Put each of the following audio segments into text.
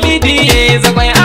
maulidi zakwai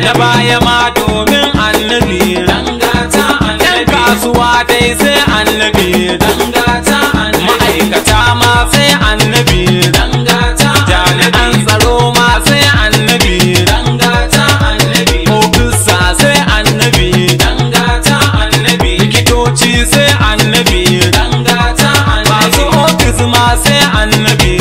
na baya ma domin annabi yan kasuwa dai sai annabi ma'aikata ma sai annabi jami'an tsaro ma sai annabi ofisa sai annabi likitoci sai annabi masu ofis ma sai annabi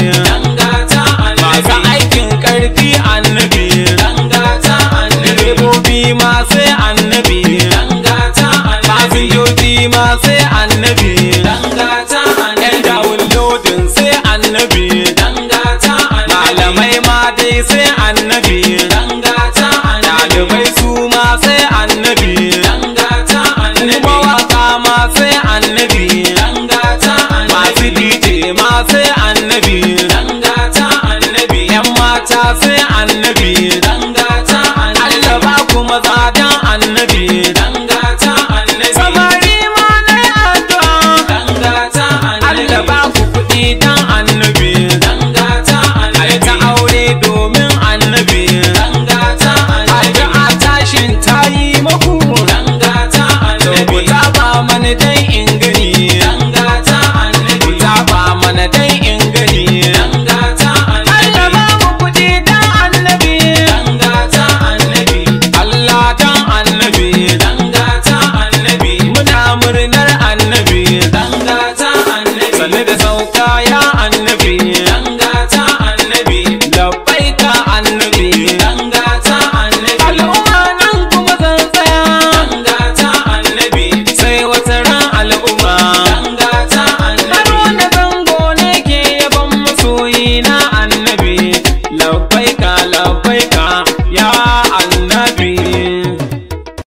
ma sai annabi masu DJ ma annabi yeah, yeah.